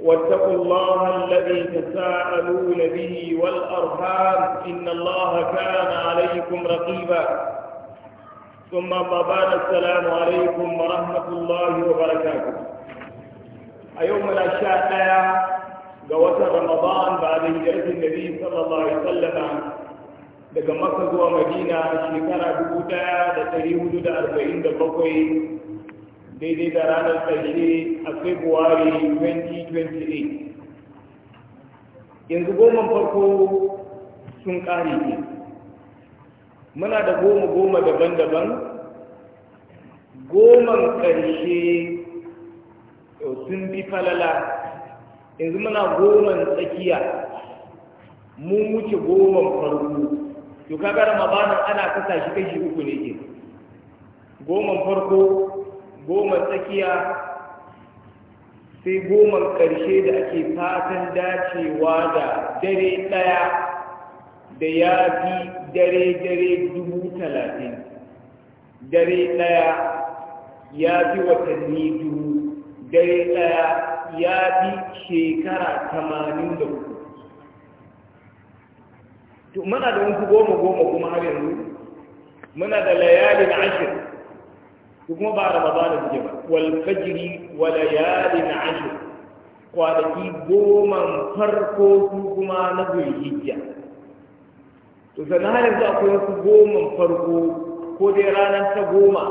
واتقوا الله الذي تساءلون به والأرحام إن الله كان عليكم رقيبا ثم ما بعد السلام عليكم ورحمة الله وبركاته أيوم الأشياء قوات رمضان بعد هجرة النبي صلى الله عليه وسلم daga maka zuwa madina shekara dubu daya da ɗari hudu da arba'in da bakwai daidai da ranar ƙarshe a february 2028 yanzu goma farko sun ƙare ne muna da goma goma daban-daban goman ƙarshe sun bi falala yanzu muna goman tsakiya mun wuce goman farko to kagara ramadanin ana kasa shi kashi uku ne ke goman farko goma tsakiya sai goma ƙarshe da ake fatan dacewa da dare ɗaya da ya fi dare-dare dubu talatin dare ɗaya ya fi watanni dubu dare ɗaya ya fi shekara tamanin da hudu to muna da wani goma goma kuma har yanzu muna da layalin ashirin su kuma ba ramadana suke ba wal fajri wa layalin ashr kwanaki goma farko su kuma na zulhijja to sannan har yanzu akwai wasu goma farko ko dai ranar ta goma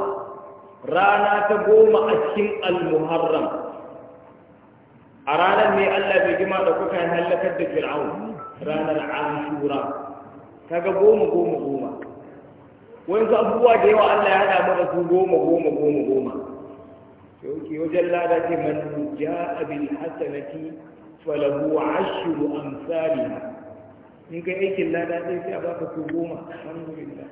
rana ta goma a cikin almuharram a ranar ne Allah bai jima da kuka halakar da fir'aun ranar ashura kaga goma goma goma wani abubuwa da yawa Allah ya haɗa mana su goma goma goma goma yauki wajen lada ce man ja'a bil hasanati falahu ashru amsalha in kai aikin lada sai sai a baka su goma alhamdulillah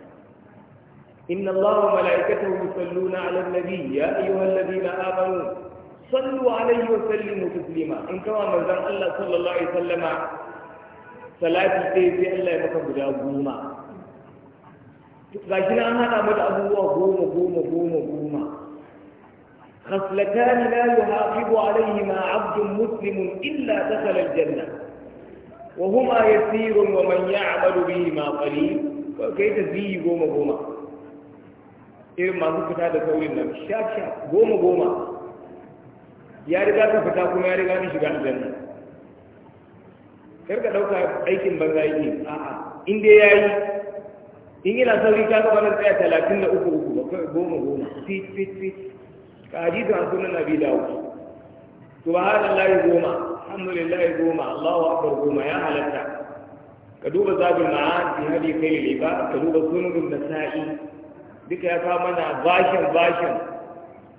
inna Allah wa malaikatahu yusalluna 'ala an-nabi ya ayyuhalladhina amanu sallu 'alayhi wa sallimu taslima in kama manzon Allah sallallahu alaihi wasallama salati sai sai Allah ya maka guda goma ga shi an haɗa mata abubuwa goma goma goma goma خصلتان لا يحافظ عليهما عبد مسلم إلا دخل الجنة وهما يسير ومن يعمل بهما قليل kai ta ziyi goma goma irin masu fita da saurin nan shaf goma goma ya riga ka fita kuma ya riga ni shiga aljanna kar ka dauka aikin banza yake a'a in dai yayi in yana sauri ka gaba nan tsaya talatin da uku uku bakwai goma goma fit fit fit ka hadisu an sunan nabi dawo subhanallahi goma alhamdulillahi goma allahu akbar goma ya halatta ka duba zabin ma'an fi hadi kai ba ka duba sunan sa'i duka ya kawo mana bashin bashin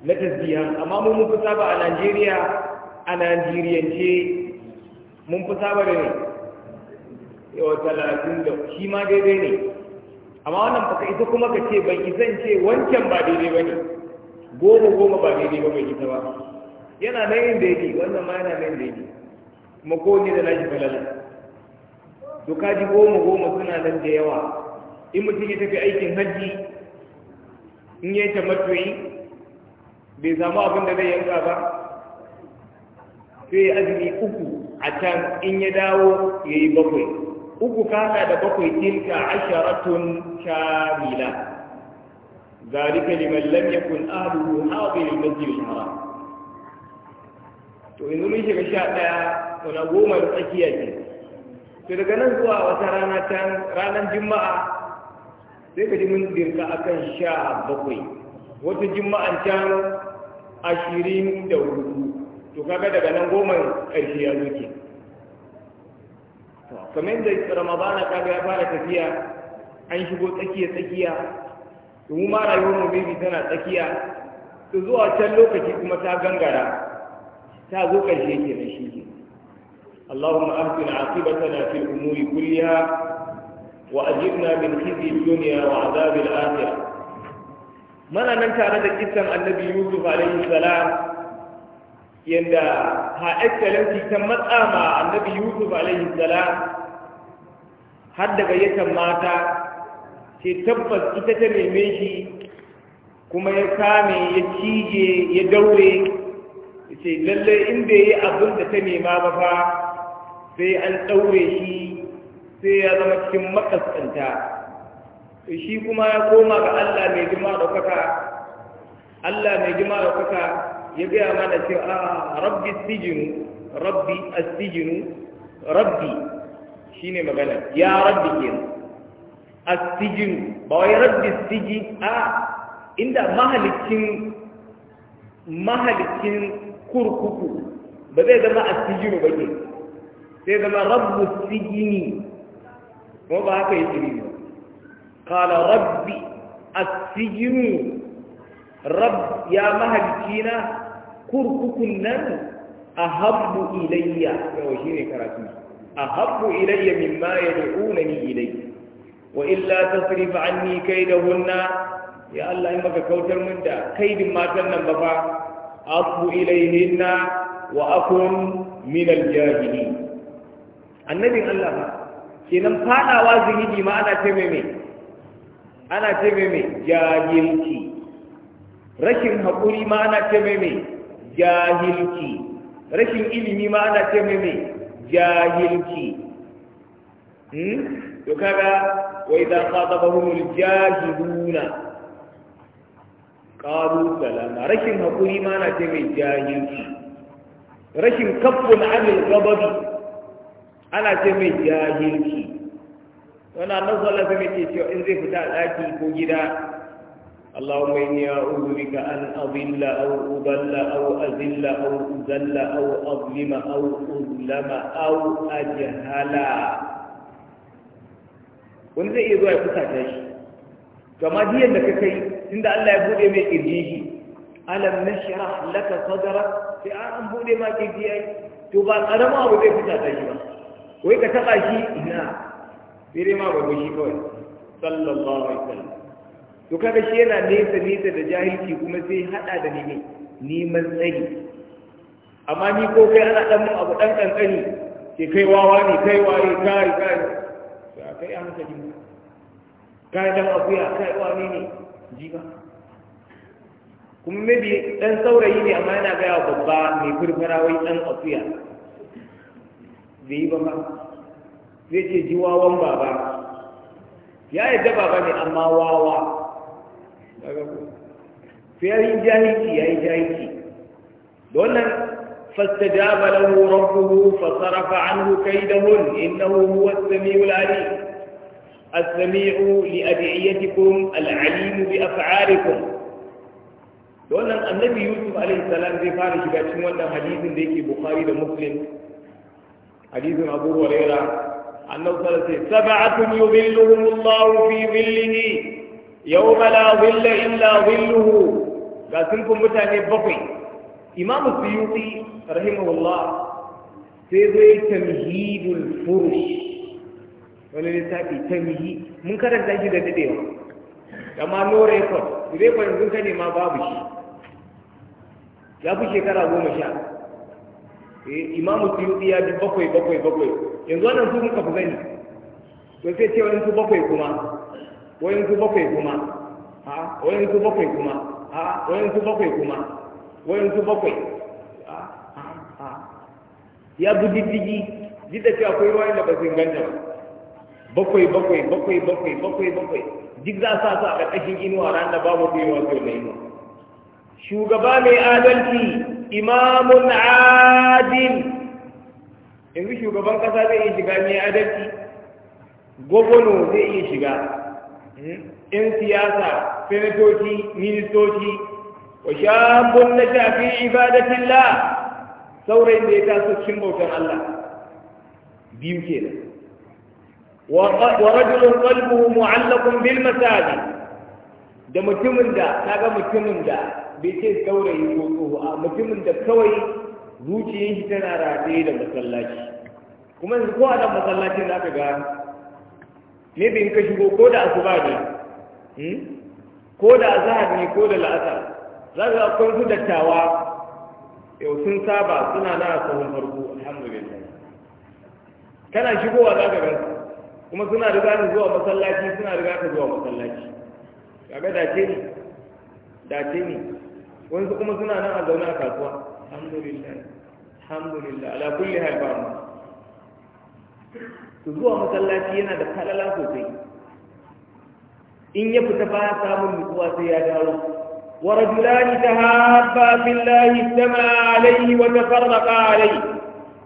na tasbiya amma mun fi saba a Najeriya a Najeriyance mun fi saba da ne yau talatin da shi ma daidai ne amma wannan baka ita kuma ka ce ban izan ce wancan ba daidai ba ne goma goma ba daidai ba mai ita ba yana nan yin daidai wannan ma yana nan daidai kuma ne da nashi falala to kaji goma goma suna nan da yawa in mutum ya tafi aikin hajji in ya ta matuyi bai samu abin da zai yanka ba sai azumi uku a can in ya dawo ya yi bakwai uku kana da bakwai tilka asharatun kamila zalika liman lam yakun ahluhu hadir al-masjid al-haram to yanzu mun shiga sha daya wala goma da tsakiya ce to daga nan zuwa wata rana can ranar juma'a sai ka ji mun dirka akan sha bakwai wata juma'an can ashirin da hudu to kaga daga nan goma ƙarshe ya zo kamar da ramadana kaga ya fara tafiya an shigo tsakiya tsakiya mu ma rayuwar mu bibi tana tsakiya to zuwa can lokaci kuma ta gangara ta zo ƙarshe ke nan shi ke اللهم أهدنا عاقبتنا في الأمور كلها وأجرنا من خزي الدنيا وعذاب الآخرة من أن تارد كتن النبي يوسف عليه السلام يندا ها أكلمتي تمت آما النبي يوسف عليه السلام har da gayyatar mata ce tabbas ita ta neme shi kuma ya kame ya cije ya daure ce lalle in bai yi abin da ta nema ba fa sai an daure shi sai ya zama cikin makaskanta shi kuma ya koma ga Allah mai jima da kaka Allah mai jima da kaka ya gaya mana cewa rabbi sijinu rabbi a sijinu rabbi shine magana ya rabbi a astijin ba wai rabbi sijin a inda mahalicin mahalicin kurkuku ba zai zama astijinu ba ke sai zama rabbu sijini kuma ba haka yake ba, kala rabbi astijinu rabb ya mahalicina kurkukun nan a habbu ilayya yau shi ne karatu أحب إلي مما يدعونني إليه وإلا تصرف عني كيدهن يا الله إما كوتر من دا كيد ما تنم بفا أحب إليهن وأكون من الجاهلين النبي قال لها fadawa zuhidi ma ana ce mai ana ce mai jahilci rashin haƙuri ma ana ce mai rashin ilimi ma ana ce mai jahilci hmm? to kaga wa idza khatabahumul jahiluna qalu salama rashin hakuri ma na ce mai jahilci rashin kaffun anil gababi ana ce mai jahilci wannan annabi sallallahu alaihi wasallam ce cewa in zai fita a daki ko gida اللهم إني أعوذ بك أن أضل أو أضل أو أذل أو أذل أو أظلم أو أظلم أو أجهل wani zai iya zuwa ya kusa ta shi kama diyan da ka kai inda Allah ya bude mai kirji shi alam nashrah laka sadra sai an bude ma kirji ai to ba karama abu zai kusa ta shi ba wai ka taba shi ina sai dai ma babu shi kawai sallallahu alaihi wasallam to kaga shi yana nesa nesa da jahilci kuma sai hada da ne neman tsari amma ni ko kai ana dan mun abu dan kankani ke kai wawa ne kai waye kai kai ya kai an ka jin kai dan ya kai wani ne jiba kuma bi dan saurayi ne amma yana gaya babba mai furfara wai dan afiya bai yi ba ma zai ce ji wawan baba ya yadda baba ne amma wawa sai ya yi jahilci ya yi jahilci da wannan fastajaba lahu rabbuhu fa sarafa anhu kaydahun innahu huwa as-sami'ul 'alim as-sami'u li ad'iyatikum al-'alim bi af'alikum da wannan annabi yusuf alaihi salam zai fara shiga cikin wannan hadisin da yake bukhari da muslim hadisin abu hurairah annabi Allah fi yau mala wille illa willuhu, ga sulfin mutane bakwai imamu suyuti rahimahullah sai zai tamhidul furush wani lissafi tamhi mun karanta shi da dadewa amma no record record yanzu ka nema babu shi ya fi shekara goma sha eh, imamu suyuti ya ji bakwai bakwai bakwai yanzu wannan su muka fi gani to sai wani su bakwai kuma wayan su bakwai kuma ha wayan su bakwai kuma a wayan su bakwai kuma wayan ha ha. ya bi diddigi duk da cewa akwai ruwa da ba su inganta ba bakwai bakwai bakwai bakwai bakwai bakwai duk za sa su a ƙarƙashin inuwa ran da babu su yawa sau da inuwa shugaba mai adalci imamun adil yanzu shugaban ƙasa zai iya shiga mai adalci gwagwano zai iya shiga Eh? 'yan siyasa senatoci ministoci wa shabun na shafi la, saurayin da ya taso cin bautar Allah biyu ke rajulun ƙalbu mu'allakun bil masali, da mutumin da kaga mutumin da bai ce saurayi ko tsoho a mutumin da kawai zuciyar shi tana rataye da masallaci kuma ko a da masallacin zaka gani? maybe in ka shigo ko da asuba ne hmm? ko da azhar ne ko da la'asar za ka akwai su dattawa yau sun saba suna na sahun farko alhamdulillah kana shigowa za ka gansu kuma suna riga ka zuwa masallaci suna riga ka zuwa masallaci kaga dace ne dace ne wasu kuma suna nan a zaune a kasuwa alhamdulillah alhamdulillah ala kulli hal ba Su zuwa masallaci yana da kalala sosai in ya fita ba samun nutsuwa sai ya dawo wa rajulani tahabba billahi istama alayhi wa tafarraqa alayhi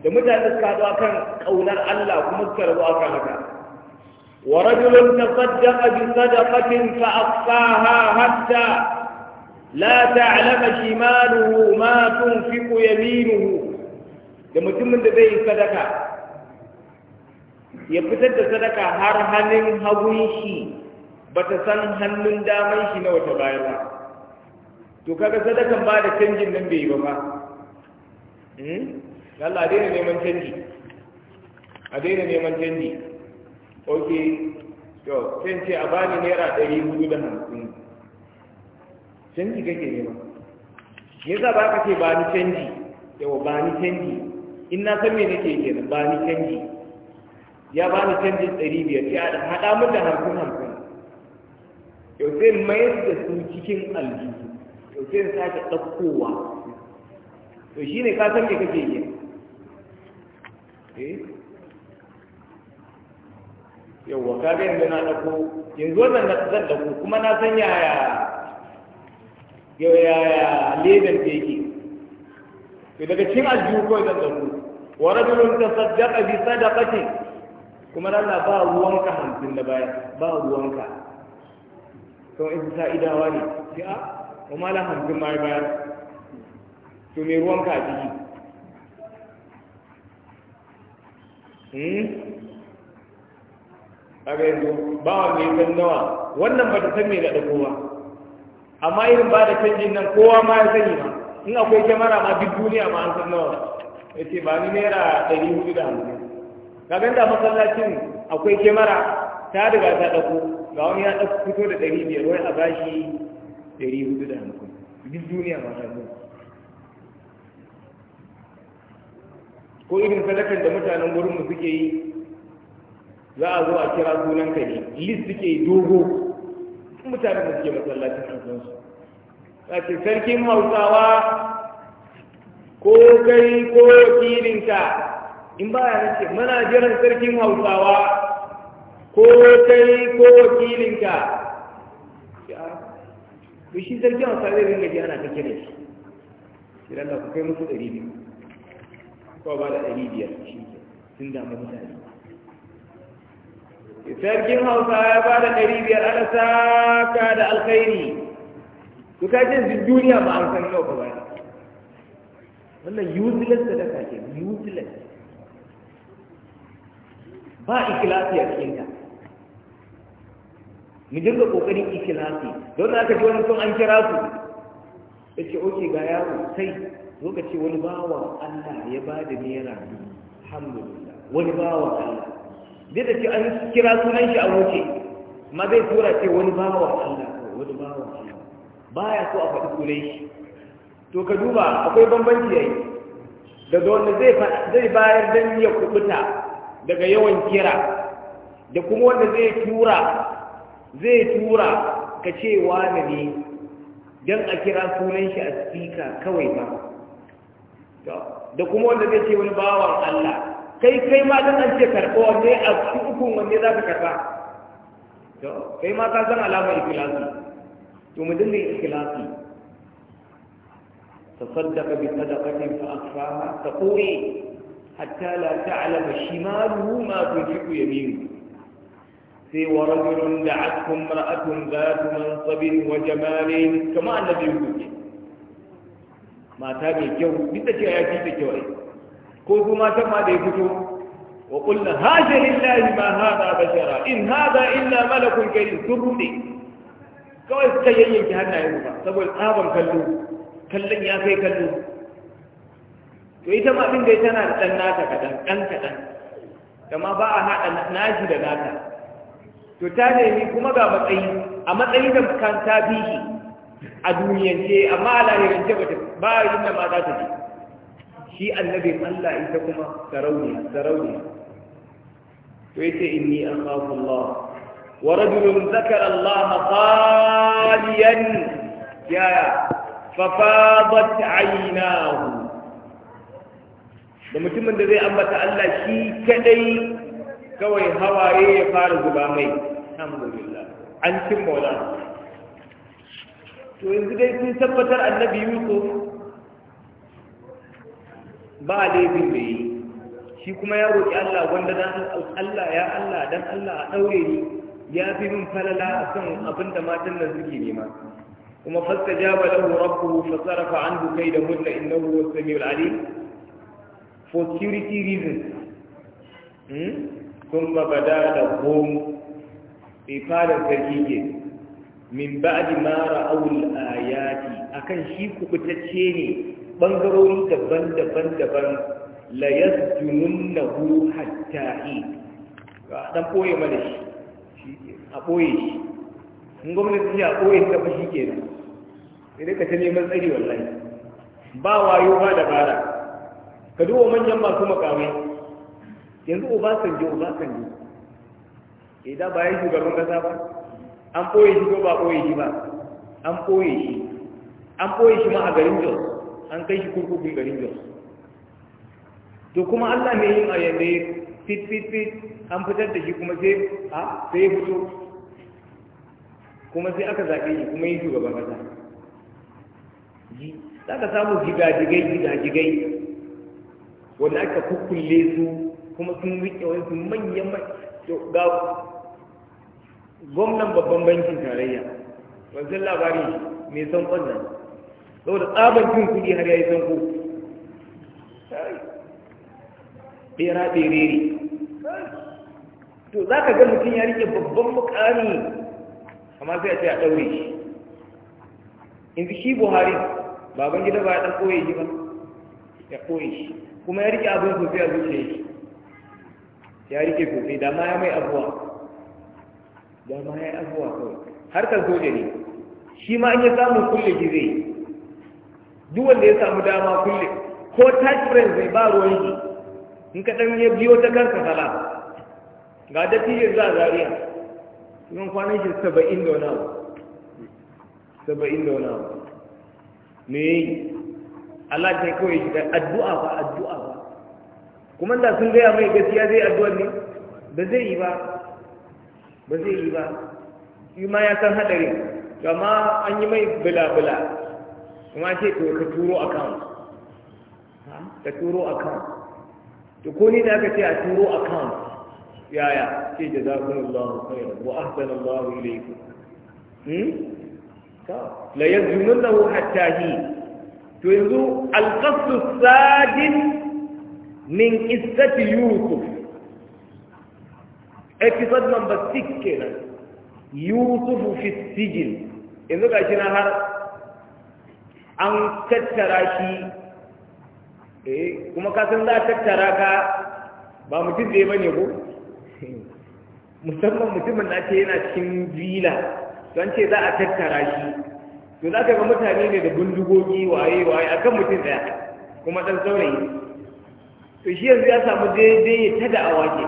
da mutane suka haɗu akan kaunar Allah kuma suka rabu akan haka wa rajulun tasaddaqa bi sadaqatin fa aqsaha hatta la ta'lama shimaluhu ma tunfiqu yaminuhu da mutumin da zai sadaka ya fitar da sadaka har hannun hagun shi ba ta san hannun damar shi na wata bayar ba to kaga sadakan ba da canjin nan bai yi ba ba hmm? Allah daina neman canji a daina neman canji ok to can ce a bani naira ɗari hudu da hamsin canji kake nema me yasa ba ka ce ba ni canji yawa ba ni canji in na san me nake kenan ba ni canji ya ba ni canjin ɗari biyar ya da haɗa mu da harkun harkun yau sai mayar da su cikin aljihu yau sai sake ɗaukowa to shi ne kasar me kake yi eh? yau wa kaga yanzu na ɗauko yanzu wannan na zan ɗauko kuma na san yaya yau yaya ledan da yake to daga cin aljihu kawai zan ɗauko wa rajulun tasaddaqa bi sadaqatin kuma Allah ba ruwanka hamsin da baya ba ruwanka to in sa idawa ne sai ah, a kuma la hamsin ma baya to me ruwanka a ciki hmm kaga yanzu ba wa mai san nawa wannan ba ta san me da kowa amma irin ba da canjin nan kowa ma ya sani ma in akwai kyamara ma duk duniya ma an san nawa yace ce ba ni naira ɗari hudu da kaga da masallacin akwai kemara ta riga ta dauko ga wani ya dauko fito da 500 wai a bashi 450 duk duniya ma ta zo ko irin sadakar da mutanen gurin mu suke yi za a zo a kira sunan ka ne list suke yi dogo mutanen da suke masallacin a zo su ce sarkin hausawa ko kai ko wakilinka in ba ya nace muna jiran sarkin hausawa ko kai ko wakilinka to shi sarkin hausawa zai ringa ji ana ta da shi idan da ku kai musu ɗari biyu ko ba da ɗari biyar shi sun damu mutane sarkin hausa ya ba da ɗari biyar ana saka da alkhairi to ka ce su duniya ba an san yau ba wannan useless da kake useless ba ikilasi a cikinta mu dinga kokarin ikilasi don aka ji wani sun an kira su ya ce oke ga yaro sai lokaci wani bawan allah ya ba da naira alhamdulillah wani bawan allah zai da ce an kira sunan shi a wuce ma zai tura ce wani bawan allah wani bawan allah baya so a faɗi sunan shi to ka duba akwai bambanci yayi Da wanda zai bayar don ya kubuta daga yawan kira da kuma wanda zai tura zai tura ka ce wani ne don a kira sunan shi a spika kawai ba da kuma wanda zai ce wani bawan Allah kai kai ma don an ce karɓo wanne a cikin ukun wanne za ka karɓa kai ma ka san alamar ikilasi to mu dinga ikilasi تصدق بصدقة فأخفاها تقوي حتى لا تعلم شماله ما تنفق يمينه في ورجل دعته امرأة ذات منصب وجمال كما ان يقول ما تابي الجو مثل جاياتي في الجو قلت ما تم هذا يفتو وقلنا هذا لله ما هذا بشرا إن هذا إلا ملك كريم سرني كيف تجيئك هذا يوفى سبب الآبا كلو كلن يا آه، كلو to ita ma abin da tana da ɗan nata kaɗan ɗan kaɗan amma ba a haɗa naji da nata to ta nemi kuma ga matsayi a matsayi da kan ta bi a a duniyance amma a lahirance ba ba inda ma za ta je shi annabin Allah ita kuma sarauniya sarauniya to yace inni akhafu Allah wa rajulun zakara Allah qaliyan ya fa fadat aynahu da mutumin da zai ambata Allah shi kadai kawai hawaye ya fara zuba mai alhamdulillah an cin wala to yanzu dai sun tabbatar annabi yusuf ba laifin da yi shi kuma ya roƙi Allah wanda dan Allah ya Allah dan Allah a ɗaure ni ya fi min falala akan abin da matan nan suke nema kuma fastajaba lahu rabbuhu fa sarafa anhu kaydahunna innahu samiul 'alim for security reasons sun ba bada da home bai fara zargi min ba ba'di a ra'awul a kan shi ku fitacce ne ɓangarori daban-daban daban la yasjununnahu hatta hi ga ɗan ɓoye mana shi a ɓoye shi mun gwamnati ce a ɓoye ta ba shi kenan sai ne ka ta neman tsari wallahi ba wayo ba dabara ka duba manyan masu makamai yanzu obasanjo obasanjo idan eh, ba ya shugaban kasa ba an ɓoye shi ko ba ɓoye shi ba an ɓoye shi an ɓoye shi ma a garin jos an kai shi kurkukun garin jos to kuma allah ne yin a yadda fit fit fit an fitar da shi kuma sai a sai fito kuma sai aka zaɓe shi kuma yi shugaban Ji. za ka samu gidajigai gidajigai wanda aka kukkulle su kuma sun riƙe wani su manyan ga gwamnan babban bankin tarayya wanzu labari mai son ƙwannan saboda tsabar cin kuɗi har ya yi sanko ɓera ɓerere to za ka ga mutum ya rike babban mukami amma sai a ce a ɗaure shi in shi buhari baban gida ba ya ɗan koye shi ba ya koye shi kuma ya rike abin sosai a zuciya shi ya rike sosai da ma ya mai abuwa da ma ya abuwa kawai ka zo ne shi ma an yi samun kulle gizai duk wanda ya samu dama kulle ko touch friends zai ba ruwan shi in ka ɗan ya biyo ta kanka sala ga dattijo za a zariya yawan kwanan shi saba'in da wani abu saba'in da wani abu me Allah ce kawai da addu'a ba addu'a ba kuma da sun gaya mai gaskiya zai addu'ar ne ba zai yi ba ba zai yi ba shi ma ya san hadari amma an yi mai bula-bula kuma ce to ka turo account ka turo account to ko ni da aka ce a turo account yaya ce jazakumullahu khairan wa ahsana Allah ilaykum hmm ka la yazunnahu hatta hi to yanzu alƙasu sadin min isati yusuf episode number six kenan yusuf fi sijin yanzu ga shi na har an tattara shi eh kuma ka san za a tattara ka ba mutum ɗaya ba ne ko musamman mutumin da ce yana cikin vila don ce za a tattara shi to za ka ga mutane ne da bindigogi waye waye akan mutum daya kuma ɗan saurayi to shi yanzu ya samu daidai ya ta da'awa ke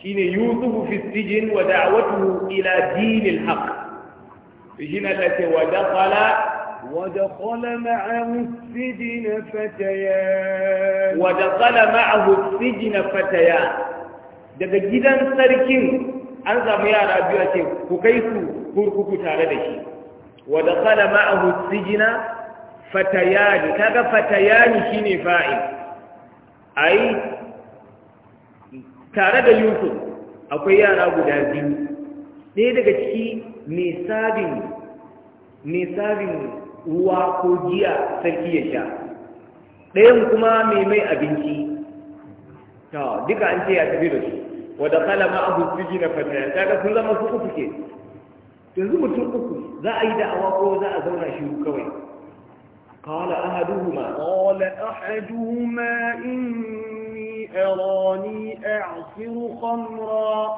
shine yusufu fi sijin wa da'watuhu ila dinil haqq to shi na ta ce wa daqala ودخل fataya. السجن فتيان ودخل معه السجن fataya. daga gidan sarkin an samu yara biyu a ce ku kai su kurkuku tare da shi ma a ma'ahu sijina fatayani kaga fatayani shine fa'il ai tare da Yusuf akwai yara guda biyu ɗaya daga ciki nisabin nisabin ruwa ko giya sarki ya sha ɗayan kuma mai mai abinci ta duka an ce ya tafi da su ma a ma'ahu sijina fatayani kaga sun zama su uku ke yanzu mutum uku za a yi da'awa ko za a zauna shi kawai قال أحدهما قال أحدهما إني أراني أعصر خمرا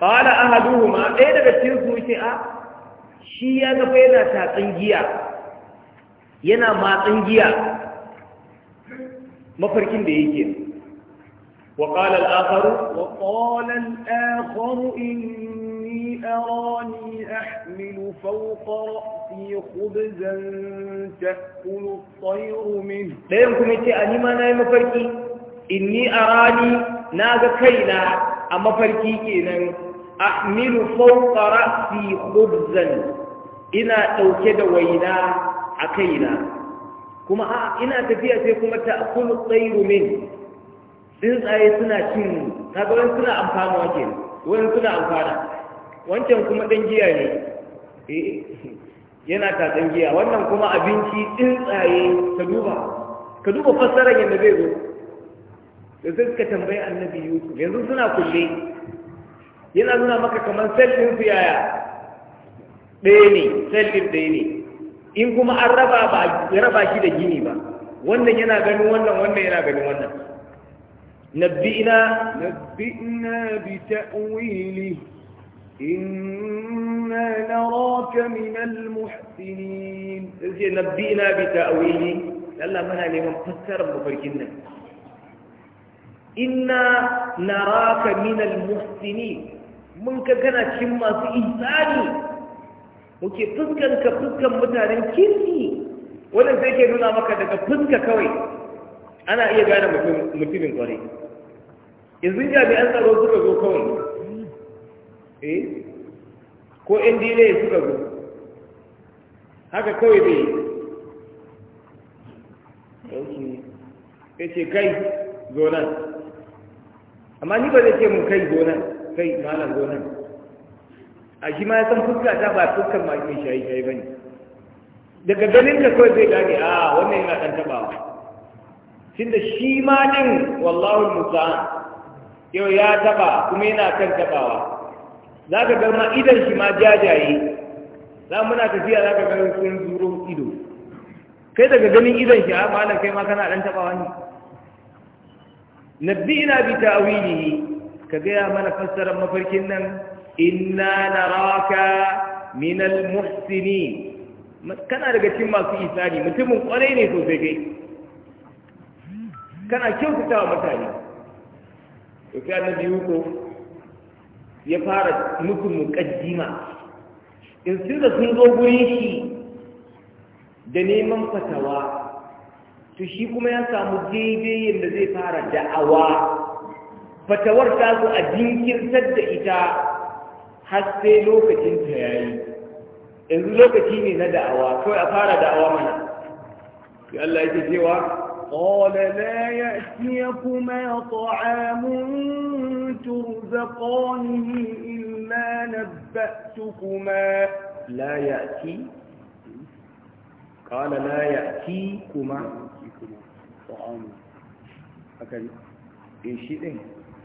قال أحدهما أين ده بتنسوا شيئا شيئا فينا تاتنجيا ينا ما تنجيا ما فرقين بيجي وقال الآخر وقال الآخر إني أراني تحمل فوق رأسي خبزا تأكل الطير منه لا يمكن يتي أني ما نايم مفركي إني أراني ناغا كينا أما فركي كينا أحمل فوق رأسي خبزا إنا توكد وينا أكينا كما إنا تفيا سيكما تأكل الطير منه tsuntsaye suna cin kaga wani suna amfana wake wani suna amfana wancan kuma ɗan giya ne eh, yana tatsan giya wannan kuma abinci tsaye, ka duba ka duba fassarar yadda zai zo da sai suka tambayi annabi yusuf yanzu suna kulle yana nuna maka kamar sallin su yaya ɗaya ne sallin ɗaya ne in kuma an raba ba raba shi da gini ba wannan yana ganin wannan wannan yana ganin wannan nabbi'ina nabbi'ina bi ta'wilihi إنا نراك من المحسنين تسي نبئنا بتأويله لألا منا لمن فسر مفركنا إنا نراك من المحسنين من كان كما في إنساني muke fuskanka fuskan mutanen kirki wannan sai ke nuna maka daga fuska kawai ana iya gane mutumin kwarai yanzu jami'an tsaro suka zo kawai eh ko in dile suka zo haka kawai bai yi ya ce kai zo nan amma ni ba zai ce mun kai zo nan kai malam zo nan a shi ma ya san fuska ta ba fuskan ma ke shayi shayi ba ne daga ganin ka kawai zai gane a wannan yana ɗan taɓawa tun da shi ma ɗin wallahul Musa yau ya taɓa kuma yana kan taɓawa za ka garma ma idan shi ma jajaye za muna tafiya za ka ga sun zuro ido kai daga ganin idan shi a ah, malar kai ma kana dan wani nabi ina bi ta'wilihi ka gaya mana fassarar mafarkin nan inna naraka min al-muhsinin kana daga cikin masu isani mutumin kwarai ne sosai kai kana wa mutane to sai annabi yuko ya fara nufin mukaddima in sun da sun zo guri shi da neman fatawa to shi kuma ya samu daidai yadda zai fara da'awa fatawar ta zo a jinkirtar da ita har sai lokacin ta yayi yanzu lokaci ne na da'awa kawai a fara da'awa mana Ya Allah yake cewa قال لا يأتيكما طعام ترزقانه إلا نبأتكما لا يأتي قال لا يأتيكما طعام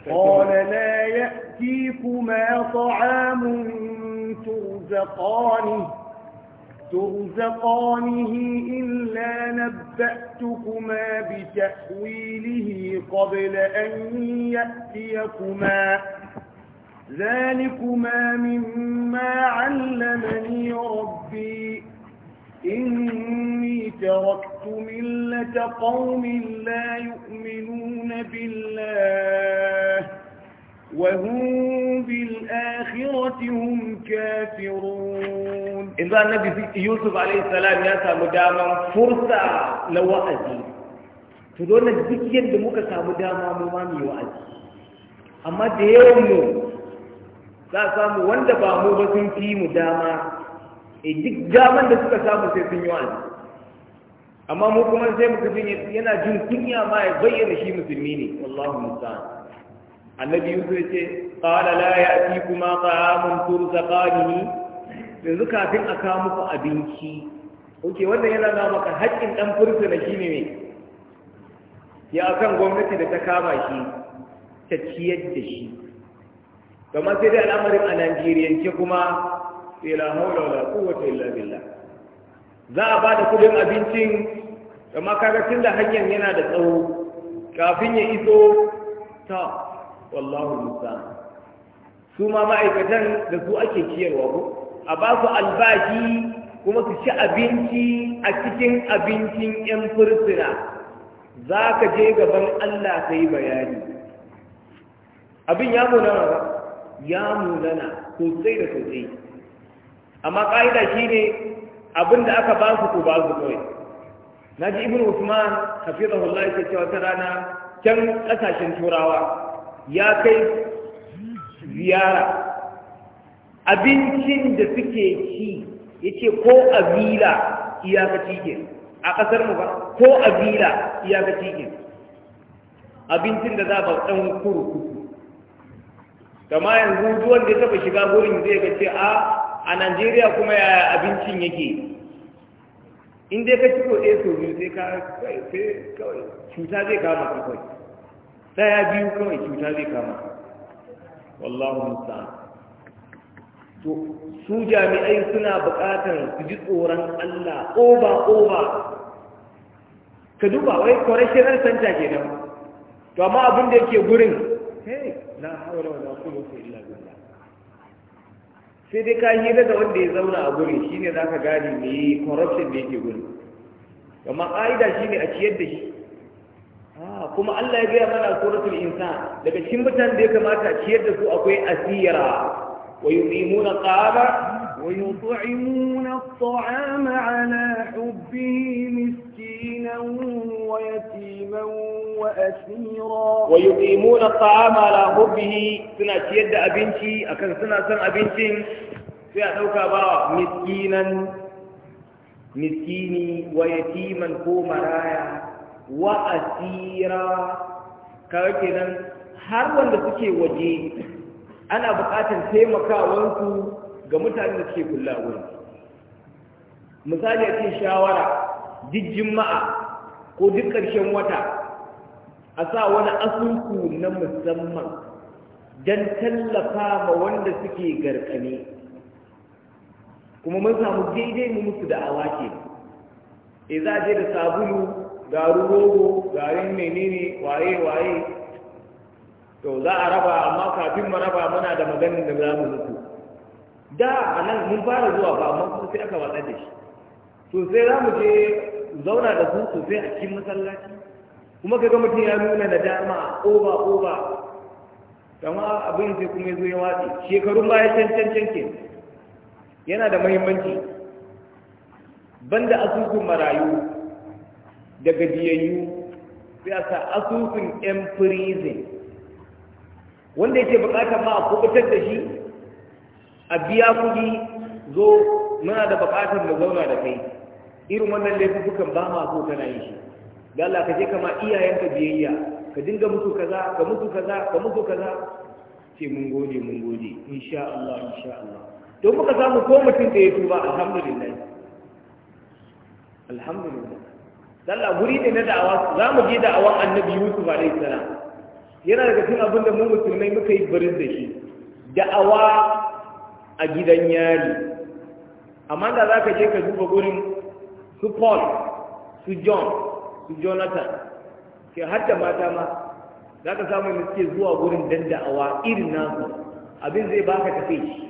قال لا يأتيكما طعام ترزقانه ترزقانه إلا نبأتكما بتأويله قبل أن يأتيكما ذلكما مما علمني ربي إني تركت ملة قوم لا يؤمنون بالله وهم بالآخرة هم كافرون in za annabi yusuf alaihissalam ya samu daman fursa na wa'azi to dole duk yadda muka samu dama mu ma mu wa'azi amma da yawan mu za a samu wanda ba mu ba sun fi mu dama e duk daman da suka samu sai sun yi wa'azi amma mu kuma sai mutum yana jin kunya ma ya bayyana shi musulmi ne wallahu musta'an annabi yusuf ya ce qala la ya'tikuma ta'amun turzaqanihi yanzu kafin a kawo muku abinci oke wannan yana na maka haƙƙin ɗan fursuna shi ne ne ya kan gwamnati da ta kama shi ta ciyar da shi kamar sai dai al'amarin a ce kuma sai la haula wala quwwata illa billah za a ba da kudin abincin kamar kaga da hanyar yana da tsawo kafin ya iso ta wallahu musa su ma ma'aikatan da su ake ciyarwa ko a ba ku albashi kuma ku ci abinci a cikin abincin 'yan fursuna za ka je gaban Allah ka yi bayani abin ya munana ba ya munana sosai da sosai amma ƙa'ida shi ne abin da aka ba su ko ba su kawai na ji ibn usman hafizahullah ya cewa ta rana can ƙasashen turawa ya kai ziyara abincin da suke ci yace ko abila iyakaci ke a kasar mu ba ko abila iyakaci ke abincin da za ba dan kuku kama yanzu duk wanda ya taba shiga gurin zai ga ce a a Najeriya kuma yaya abincin yake in dai ka ci ko ɗaya sau biyu sai ka kai sai kawai cuta zai kama ka kawai ɗaya biyu kawai cuta zai kama wallahu musta'an to su jami'ai suna buƙatar su ji tsoron Allah over over ka duba wai correctional ke nan to amma abin da yake gurin hey haura hawla wala lokacin illa billah sai dai ka hira da wanda ya zauna a gurin shine zaka gane me corruption da yake gurin amma ƙa'ida shine a ciyar da shi ah, kuma Allah ya gaya mana suratul insan daga cikin mutanen da ya kamata a ciyar da su akwai asira ويطعمون الطعام ويطعمون الطعام على حبه مسكينا ويتيما وأسيرا ويقيمون الطعام على حبه سنة يد أبنتي أكن سنة سنة أبنتي سنة أوكا مسكينا مسكيني ويتيما yatiman مرايا وأسيرا wa asira kawai kenan ana buƙatar taimakawansu ga mutane da suke kula wuri misali a cikin shawara duk jima'a ko duk ƙarshen wata a sa wani asusu na musamman don tallafa ma wanda suke garkane kuma mun samu daidai mu musu da awa ke e za a je da sabulu garin rogo garin menene waye waye to za a raba amma kafin mu raba muna da maganin da za mu mutu da a nan mun fara zuwa ba amma kuma sai aka watsa da shi to sai za mu je zauna da su sosai a cikin masallaci kuma kaga mutum ya nuna da dama oba oba kama abin sai kuma ya zo ya watsi shekarun baya can can can ke yana da muhimmanci banda asusun marayu da gajiyayyu sai a sa asusun yan prison wanda yake bukatar ma a kubutar da shi a biya kudi zo muna da bukatar mu zauna da kai irin wannan laifukan ba ma so kana yi shi da Allah ka je kama iyayenka biyayya ka dinga mutu kaza ka mutu kaza ka mutu kaza ce mun gode mun gode insha Allah insha Allah to muka samu ko mutum da ya tuba alhamdulillah alhamdulillah Allah guri ne na da'awa za mu je da'awan annabi Yusuf alaihi salam yana da cikin abin da mu musulmai muka yi barin da shi da'awa a gidan yari amma da za ka je ka duba gurin su paul su john su jonathan ke hatta mata ma za ka samu da suke zuwa gurin dan da'awa irin nasu abin zai baka tafi shi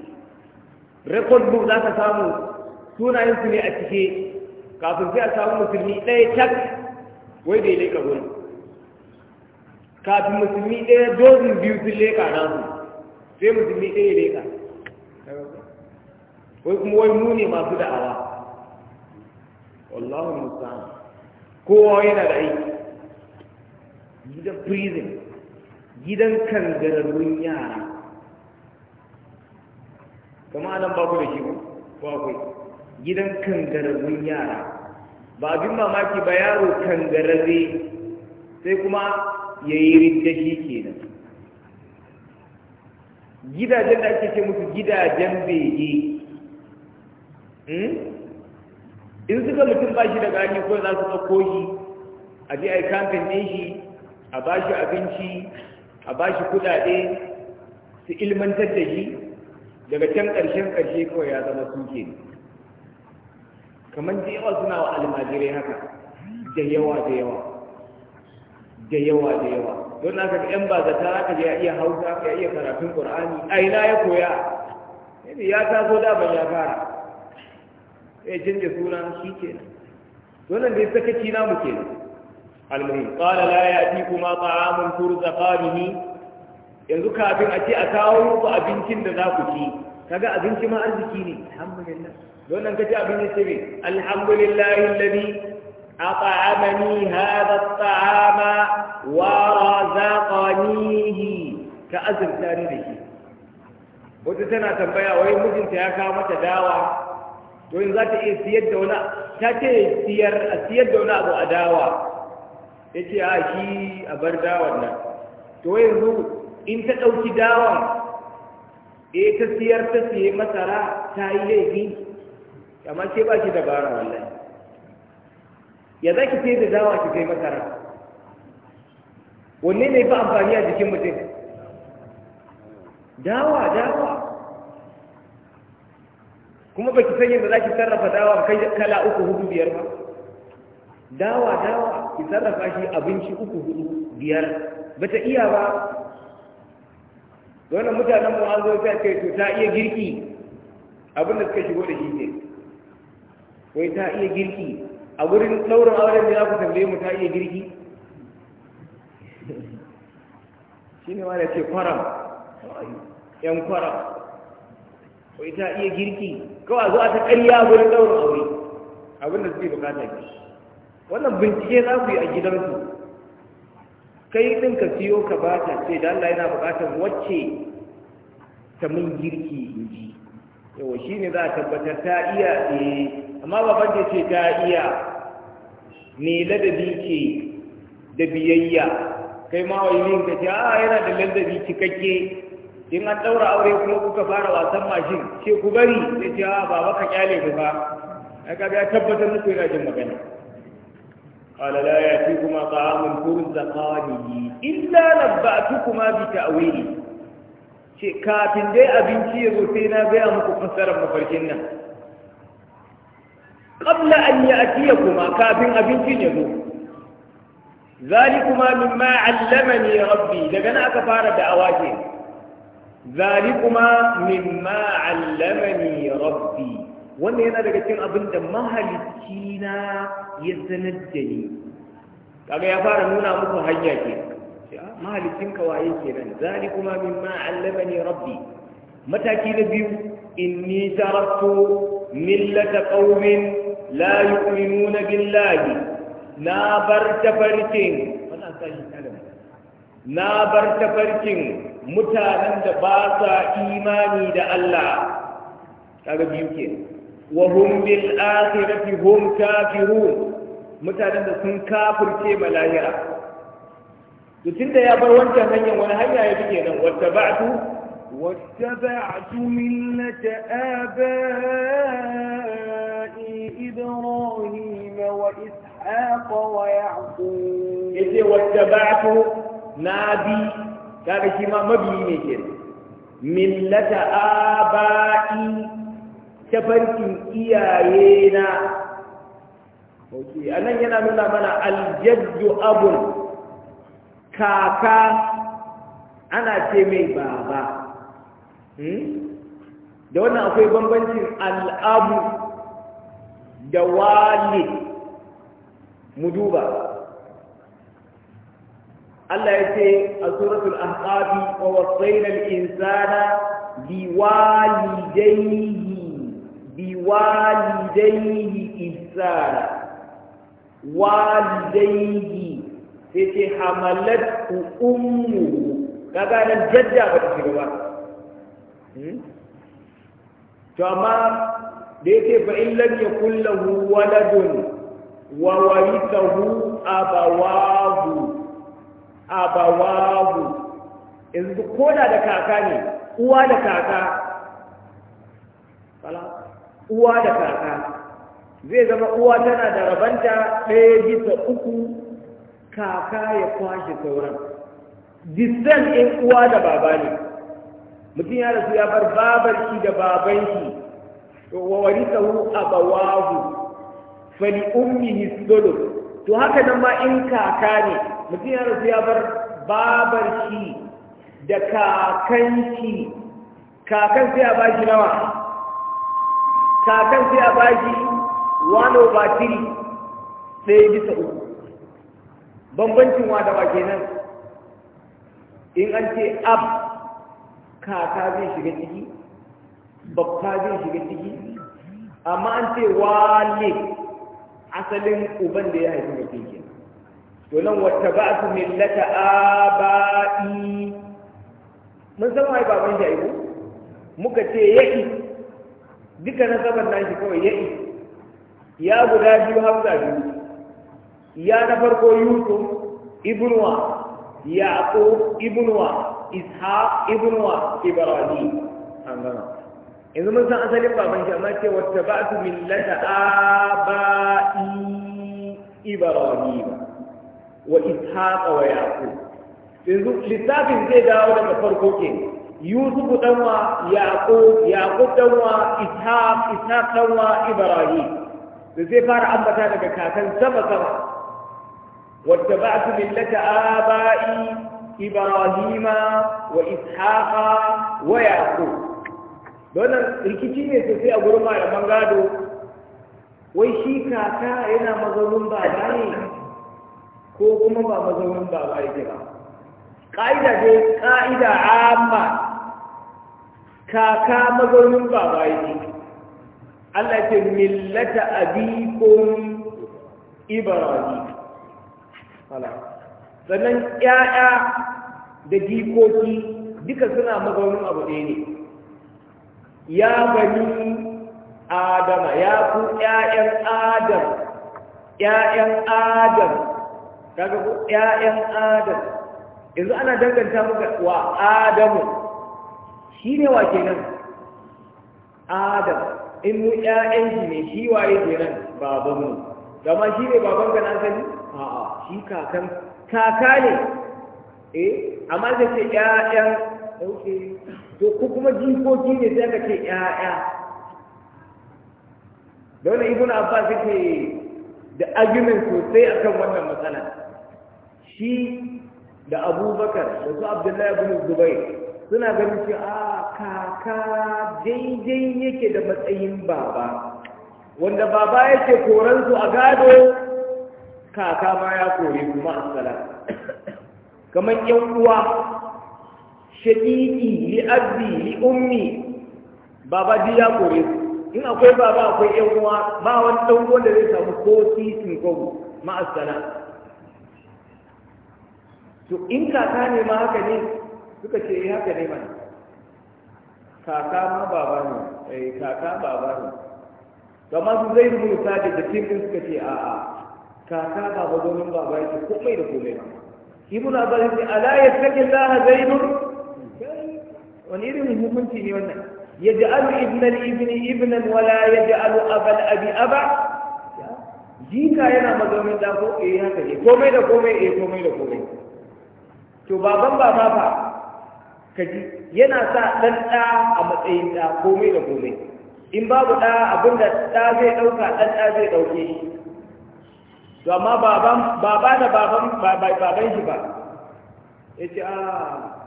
record book za ka samu sunayensu ne a cike kafin sai a samu musulmi ɗaya tak wai da ya leka gurin kafin musulmi ɗaya dozin biyu sun leka na su sai musulmi ɗaya leka wai kuma wai mu ne masu da'awa wallahu Musa, kowa yana da aiki gidan prison gidan kangararrun yara kama nan ba ku da shi ba ku gidan kangararrun yara ba abin mamaki ba yaro kangararre sai kuma ya yi ke kenan gidajen da ake ce musu gidajen bege hmm? in suka mutum ba shi daga gani ko za su ɗauko shi a je a yi kamfin ɗin shi a ba shi abinci a ba shi kuɗaɗe su ilmantar da shi daga can ƙarshen ƙarshe kawai ya zama suke kamar da yawa suna wa almajirai haka da yawa da yawa da yawa da yawa don haka ga yan bazata aka je ya iya hausa ya iya karatun qur'ani a ina ya koya ya taso da ban ya fara Eh, canje suna shi kenan wannan dai sakaci namu kenan almuhim qala la ya'tikuma ta'amun turzaqanihi yanzu kafin a ce a kawo muku abincin da za ku ci kaga abinci ma arziki ne alhamdulillah wannan kace abin ne ce alhamdulillah alladhi أطعمني هذا الطعام ورزقنيه كأزر تاني wata tana tambaya wai mijinta ya kawo mata dawa to in za ta iya siyar da wani ta ce siyar a siyar da wani abu a dawa ya ce a shi a bar dawan nan to yanzu in ta ɗauki dawan e ta siyar ta siye masara ta yi laifi amma ce ba shi dabara wallahi ya za ki ce da dawa ki kai masara wanne ne fi amfani a jikin mutum dawa dawa kuma ba ki san yadda za ki sarrafa dawa kai kala uku hudu biyar ba dawa dawa ki sarrafa shi abinci uku hudu biyar ba ta iya ba wannan mutanen mu an zo ta kai to ta iya girki abin da suka shigo da shi ne wai ta iya girki a wurin ɗaurin auren da za ku tambaye mu ta iya girki shi ne wanda ce kwaram yan kwaram wai ta iya girki kawai zuwa ta ƙarya a wurin ɗaurin aure da suke bukata ki. wannan bincike za ku yi a gidansu kai ɗin ka siyo ka ba ta ce da Allah yana buƙatar wacce ta mun girki in ji yawa shi ne za a tabbatar ta iya eh, amma baban ce ta iya me ladabi ke da biyayya kai ma ne ka ce a ah, yana da ladabi cikakke in an daura aure kuma kuka fara wasan mashin ce ku bari sai ce a ah, baba ka kyale ku ba ya kaga ya tabbatar muku yana jin magana qala la yatikuma ta'amun turzaqani illa nabba'tukuma bi ta'wili ce kafin dai abinci ya zo sai na gaya muku fassarar mafarkin nan qabla an ya'tiyakuma kafin abincin ya zo zalikuma mimma 'allamani rabbi daga nan aka fara da'awa ke wannan yana daga cikin abin da mahalicci na ya sanar da ni kaga ya fara nuna muku hanya ke mahalicin ka waye kenan zalikuma mimma 'allamani rabbi mataki na biyu inni taraktu millata qaumin la yu'minuna billahi na bar tafarkin wannan sai na bar tafarkin mutanen da ba sa imani da Allah kaga biyu ke wa hum mutanen da sun tunda ya bar wancan hanyar wani hanya ya bige nan wattaba'tu واتبعت ملة آبائي إبراهيم وإسحاق ويعقوب إذا واتبعت نبي كان شما مبيني كده ملة آبائي تفركن إيايينا Oke, a nan yana nuna mana aljajju abun kaka ana ce mai baba. Da wannan akwai bambancin al'abu da walid mu duba Allah ya ce a suratul ahqabi wa wasaina al-insana biwalidayhi biwalidayhi ihsana walidayhi sai ce hamalat ummu kaga nan jadda ba ta shiga ba hmm? to amma da yake fa in lam yakul lahu waladun wa warithahu abawahu abawahu yanzu koda da kaka ne uwa da kaka uwa da kaka zai zama uwa tana da rabanta ɗaya bisa uku kaka ya kwashe sauran distance in uwa da baba ne mutum ya rasu ya bar babar shi da baban shi wa warisahu abawahu fali ummihi sulu to haka nan ma in kaka ne mutum ya rasu ya bar babar shi da kakanki. kakan sai a bashi nawa kakan sai a bashi one over three sai bisa uku bambancin wada wa nan? in an ce ab kaka zai shiga ciki babba zai shiga ciki amma an ce wale asalin uban da ya haifi mutum ke to nan wata ba su millata ba'i mun san wai baban shi aiko muka ce ya'i duka na saman nan shi kawai ya'i ya guda biyu hamza biyu ya na farko yusuf ibnuwa ko ibnuwa ishaq ibnuwa ibrahim an gama yanzu mun san asalin baban shi amma ce wata ba su millata aba'i ibrahim wa ishaqa wa yaqub yanzu littafin zai dawo daga farko ke yusuf danwa yaqub yaqub danwa ishaq ishaq danwa ibrahim da zai fara ambata daga kakan sama sama wata ba su millata aba'i ibrahima wa ishaqa wa yaqub wannan rikici ne sosai a gurin malaman gado wai shi kaka yana mazaunin baba ne ko kuma ba mazaunin baba yake ba ƙa'ida dai ƙa'ida amma kaka mazaunin baba yake Allah ce millata abikum ibrahim sannan ƴaƴa da jikoki duka suna mazaunin abu ɗaya ne ya bani adama ya ku ƴaƴan adam ƴaƴan adam kaga ku ƴaƴan adam yanzu ana danganta muka wa adamu shi ne wa kenan adam in mu ƴaƴan shi ne shi waye kenan babanmu gama shi ne baban ka na sani a'a shi kakan kaka ne eh amma zai ce ƴaƴan okay to ko kuma jikoki ne sai ka ce 'ya'ya? da wani na abbas yake da argument sosai akan wannan matsala shi da abubakar da su abdullahi ibn zubair suna ganin shi a kaka daidai yake da matsayin baba wanda baba yake koransu a gado kaka ma ya kore kuma asala kamar yan uwa shaƙiƙi li abdi li ummi baba duk ya kore su in akwai baba akwai yan uwa ba wani dan uwan da zai samu ko titin gogo ma'asana to in kaka ne ma haka ne suka ce eh haka ne mana kaka ma baba ne eh kaka baba ne kamar su zai rubuta da da tim din suka ce a a kaka baba domin baba yake komai da komai ibnu abbas ala yattaqi zai zaidun wani irin hukunci ne wannan ya ja'alu ibnan ibni ibnan wala ya ja'alu abal abi aba jika yana mazaunin da ko eh ya ne komai da komai eh komai da komai to baban baba fa kaji yana sa dan da a matsayin da komai da komai in babu ɗa abinda ɗa zai ɗauka ɗan ɗa zai ɗauke shi to amma baban baba da baban baban shi ba ya ce a ah,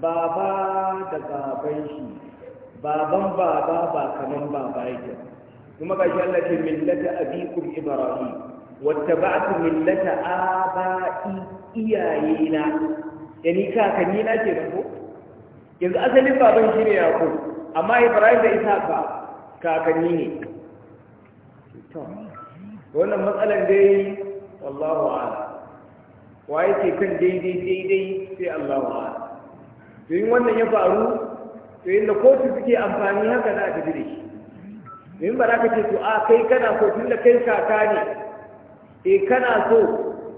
baba da baban shi baban baba ba kaman baba yake kuma ga shi Allah ke millata abikum ibrahim wattaba'tu millata aba'i iyayena yani kakanni na ke rubo yanzu asalin baban shi ne yaqub amma ibrahim da isa ba kakanni ne to wannan matsalar dai wallahu a'lam wa yake kan daidai daidai sai Allahu a'lam to yin wannan ya faru to inda kotu suke amfani haka za a tafi da shi domin ba za ka ce to a kai kana so tun da kai kaka ne e kana so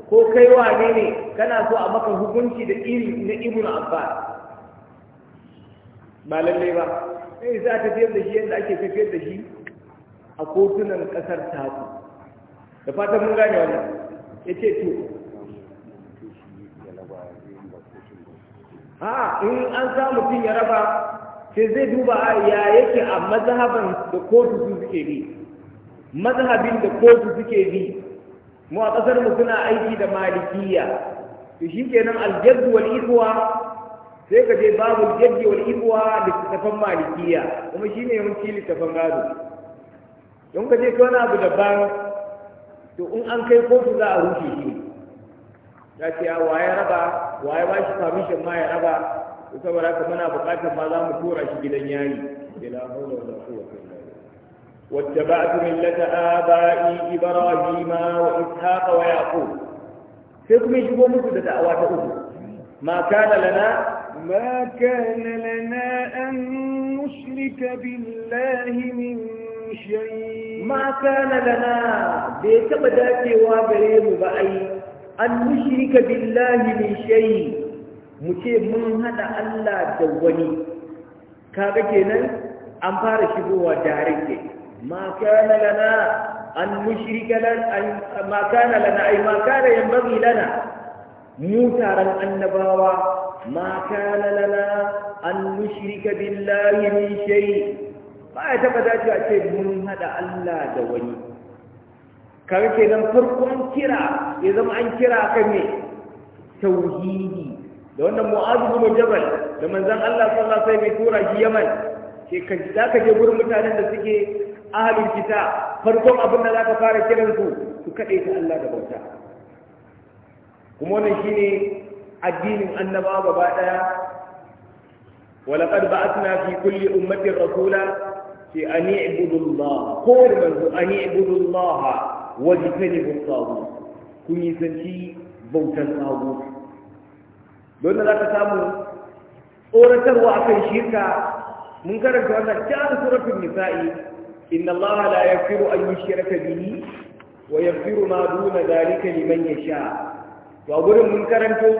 ko kai wane ne kana so a maka hukunci da iri na ibnu abbas ba lallai ba sai za a tafiyar da shi yadda ake tafiyar da shi a kotunan kasar taku da fatan mun gane wannan ya ce to a in an sa mutum ya raba sai zai duba a, ya yake a mazhaban da kotu su suke bi mazhabin da kotu suke bi mu a kasar mu suna aiki da malikiya to ke aljaddu wal ikhwa sai ka je babu jaddi wal ikhwa tafan malikiya kuma shine yawanci tafan gado don ka je ka abu da ban to in an kai kotu za a rushe shi ya ce a waye raba waye ba shi permission ma ya raba saboda haka muna buƙatar ma za mu tura shi gidan yayi ila hawla wala quwwata illa billah واتبعت ملة آبائي إبراهيم وإسحاق ويعقوب سيكم يشبه مثل دعوات أبو ما كان لنا ما كان لنا أن نشرك بالله من شيء ما كان لنا بيتبدأت وابريم بأي an mushrika billahi min shay mu ce mun hada Allah da wani kaga kenan an fara shigowa direct ma kana lana an mushrika lana ma kana lana ai ma kana yanbaghi lana mu taron annabawa ma kana lana an mushrika billahi min shay ba ya taba dace a ce mun hada Allah da wani kaga kenan farkon kira ya zama an kira kan ne tauhidi da wannan mu'azu bin jabal da manzon Allah sallallahu alaihi wasallam ya tura shi Yaman ke kan da ka je gurin mutanen da suke ahlul kitab farkon abin da zaka fara kiran su su kade ta Allah da bauta kuma wannan shine addinin annabawa gaba daya ولقد بعثنا في كل أمة رسولا في أن يعبدوا الله قول من أن يعبدوا الله واجتنبوا الطاغوت kun yi zanci bautar tsago don da za ka samu tsoratarwa a kan shirka mun karanta wannan ta suratul nisa'i inna allaha la yaghfiru an yushraka bihi wa yaghfiru ma duna dhalika liman yasha to a gurin mun karanto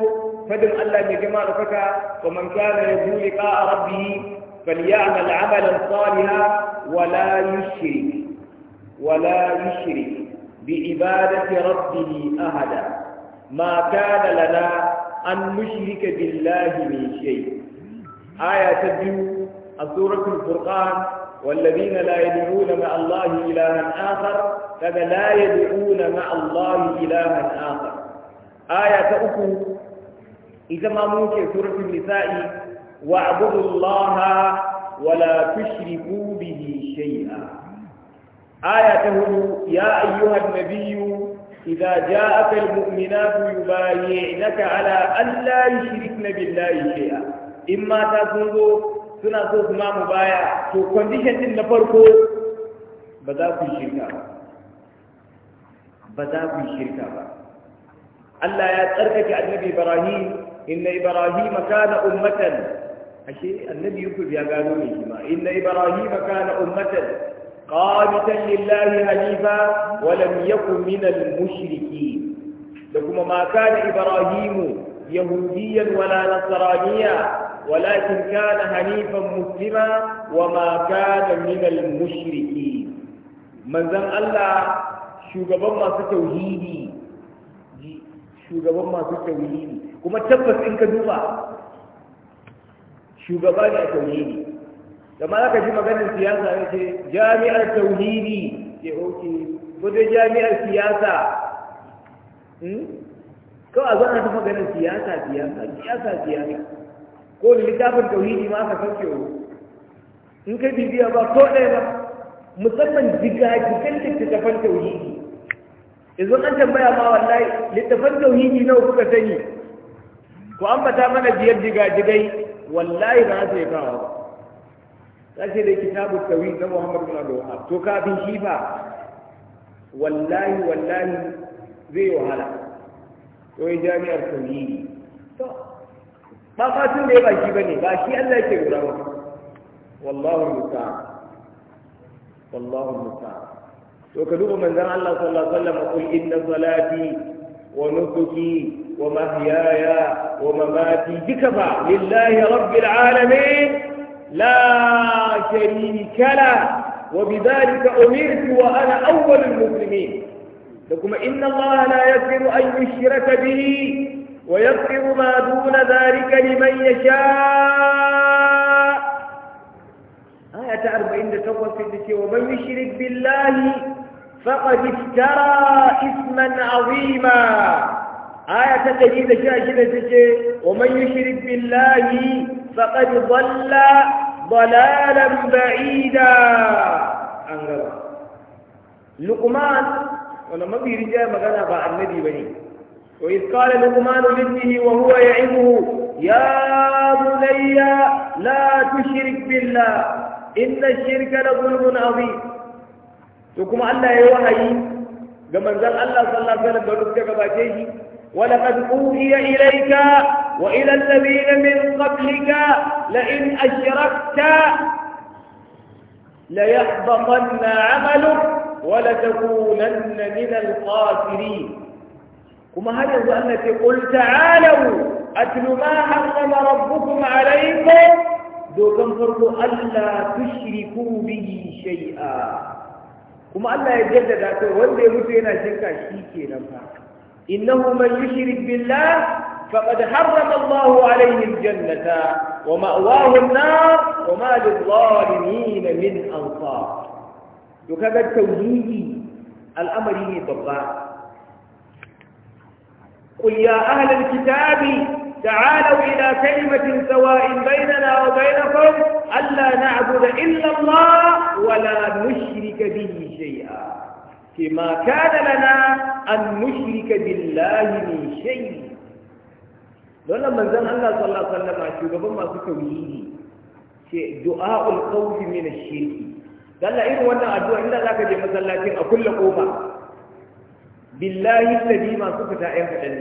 fadin Allah mai gama da faka wa man kana yarju liqa rabbih falyamal amalan salihan wa la yushrik wa la yushrik بعبادة ربه أحدا ما كان لنا أن نشرك بالله من شيء آية تبدو سورة الفرقان والذين لا يدعون مع الله إلها آخر كذا لا يدعون مع الله إلها آخر آية أخو إذا ما موت سورة النساء واعبدوا الله ولا تشركوا به شيئا آية هدو يا أيها النبي إذا جاءك المؤمنات يبايعنك على أن لا يشركن بالله شيئا إما تكونوا سنة ما مبايع تو كونديشن نفرقو بذاك الشركة بذاك الشركة الله يا تركك النبي إبراهيم إن إبراهيم كان أمة أشي النبي يكتب يا قالوا إن إبراهيم كان أمة قابتا لله حنيفا ولم يكن من المشركين لكما ما كان إبراهيم يهوديا ولا نصرانيا ولكن كان حنيفا مسلما وما كان من المشركين من ذن الله شوغبان ما توحيدي shugaban masu tauhidi kuma tabbas in ka duba shugaba ne a tauhidi da ma aka ji maganin siyasa ya ce jami'ar tauhidi ke oke ko dai jami'ar siyasa hmm? ko a zana ta maganin siyasa siyasa siyasa siyasa ko da littafin tauhidi ma aka sauke wa in kai bibiya ba ko ɗaya ba musamman diga jigajigan littattafan tauhidi yanzu an tambaya ma wallahi littattafan tauhidi nawa kuka sani ku bata mana biyar digai wallahi ba za yi kawo ba kace da kitabu tawhid na Muhammad bin Abdul Wahhab to kafin shi fa wallahi wallahi zai wahala to yi jami'ar tauhidi to ba fatin da ya ba shi bane ba shi Allah ke lura ba wallahu musta'an wallahu musta'an to ka duba manzon Allah sallallahu alaihi wasallam kul inna salati wa nusuki wa mahyaya wa mamati duka ba lillahi rabbil alamin لا شريك له وبذلك أمرت وأنا أول المسلمين لكم إن الله لا يغفر أن يشرك به ويغفر ما دون ذلك لمن يشاء آية 48 في ومن يشرك بالله فقد افترى إثما عظيما aya ta ɗari da sha shida ce wa man yushrik billahi faqad dhalla dhalalan ba'ida an gaba luqman wala mabi rija magana ba annabi bane wa iz qala luqman libnihi wa huwa ya'imuhu ya bunayya la tushrik billah inna shirka la zulmun azim to kuma Allah ya yi wahayi ga manzon Allah sallallahu alaihi wasallam ولقد أوحي إليك وإلى الذين من قبلك لئن أشركت ليحبطن عملك ولتكونن من الخاسرين وما هذا التي قل تعالوا أتل ما حرم ربكم عليكم دوكم فرقوا ألا تشركوا به شيئا وما ألا يجدد أتل وانده متوينا شركا شيكي لما إنه من يشرك بالله فقد حرم الله عليه الجنة ومأواه النار وما للظالمين من أنصار وكذا التوحيد الأمر بالله قل يا أهل الكتاب تعالوا إلى كلمة سواء بيننا وبينكم ألا نعبد إلا الله ولا نشرك به شيئا ce ma kana lana an mushrika billahi min shay dole manzon Allah sallallahu alaihi wasallam shugaban masu tauhidi ce du'aul qawli min ash-shirki dalla irin wannan addu'a inda zaka je masallacin a kulle kofa billahi alladhi masu fita ayan kadan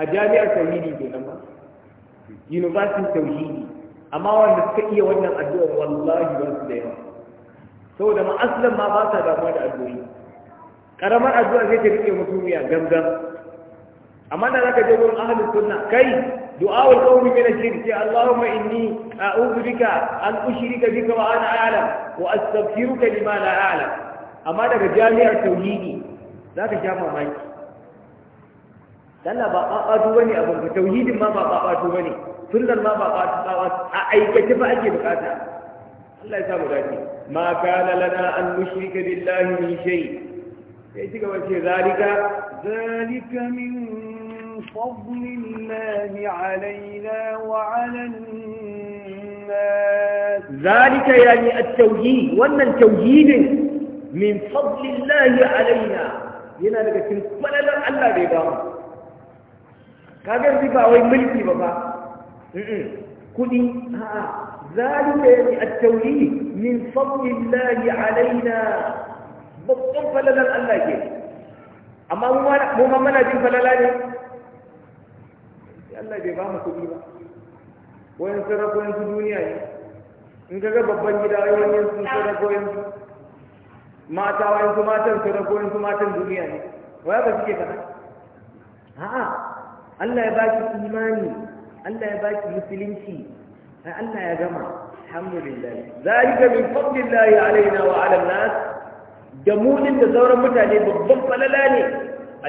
a jami'ar tauhidi kenan ba university tauhidi amma wanda suka iya wannan addu'ar wallahi ba su da yawa saboda ma aslan ma ba sa damuwa da addu'o'i karamar addu'a sai ta rike mutum ya gangan amma da zaka je wurin ahlus sunna kai du'aul qawmi min ash-shirk ya allahumma inni a'udhu bika an ushrika bika wa ana a'lam wa astaghfiruka lima la a'lam amma daga jami'ar tauhidi zaka sha mamaki Allah ba babatu bane abin ka tauhidin ma ba babatu bane sunnar ma ba ba ba. a aikace ba ake bukata Allah ya sa mu dace ما كان لنا أن نشرك بالله من شيء يأتيك وشي ذلك ذلك من فضل الله علينا وعلى الناس ذلك يعني التوجيه وأن التوجيه من فضل الله علينا هنا لك cikin falalar Allah da ya ba mu kaga yanzu ba ذلك يعني التوحيد من فضل الله علينا babban falalan Allah ke amma mu ma mana jin falala ne Allah bai ba mu kuɗi ba wayan sarakoyin su duniya ne in kaga babban gida wayan su sarakoyin su mata wayan su matan sarakoyin su matan duniya ne waya ba suke kana Ha'a. Allah ya baki imani Allah ya baki musulunci Allah ya gama alhamdulillah zalika min fadlillahi alaina wa ala nas da mu da sauran mutane babban falala ne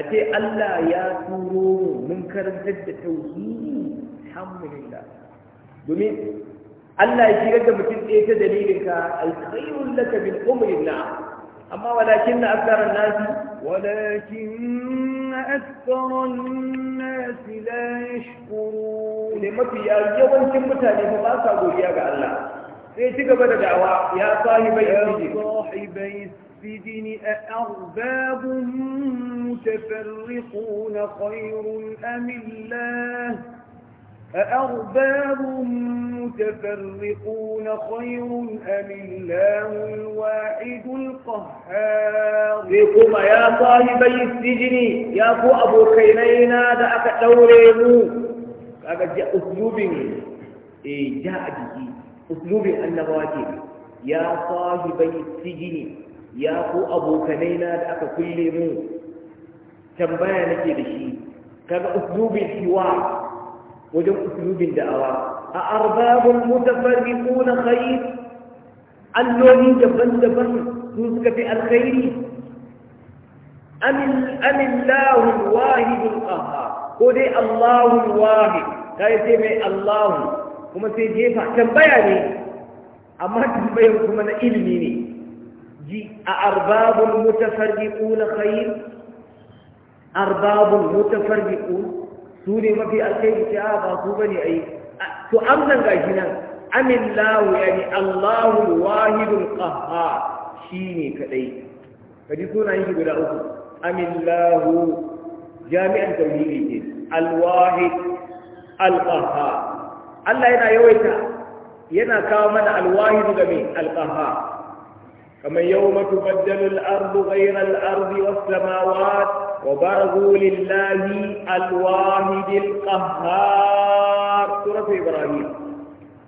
a ce Allah ya turo mun karantar da tauhidi alhamdulillah domin Allah ya shigar da mutum ɗaya ta dalilin ka alkhairun laka min umrin na amma na أكثر الناس لا يشكرون لما في يوم كم لما فما سأقول يا الله sai ci gaba da da'awa ya sahibai السجن أأرباب متفرقون خير أم الله أأرباب متفرقون خير أم الله الواحد القهار فيكم يا صاحبي السجن يا أبو أبو خيرينا دعك توريمو هذا جاء أسلوب جاء به أسلوب النواجد يا صاحبي السجن يا أبو أبو خيرينا دعك كل مو كم بيانك شيء كان أسلوب الحوار wajen usulubin da'awa a arbabun mutafarriquna khair alloli daban-daban su suka fi alkhairi amillahu wahidul qahhar ko dai Allahu wahid kai sai mai Allahu kuma sai jefa tambaya ne amma tambayar kuma na ilimi ne ji a arbabun mutafarriquna khair arbabun mutafarriquna su ne mafi alkhairi ce a ba su bane ai to amsan gashi nan Amin amillahu yani Allahu wahidul qahhar shine kadai kaji sunayen shi guda uku Amin amillahu jami'an tauhidi ne alwahid alqahhar Allah yana yawaita yana kawo mana alwahid ga me alqahhar kamar yawma tubaddalu al-ardu ghayra al-ardi was-samawati وبرزوا لله الواحد القهار سورة إبراهيم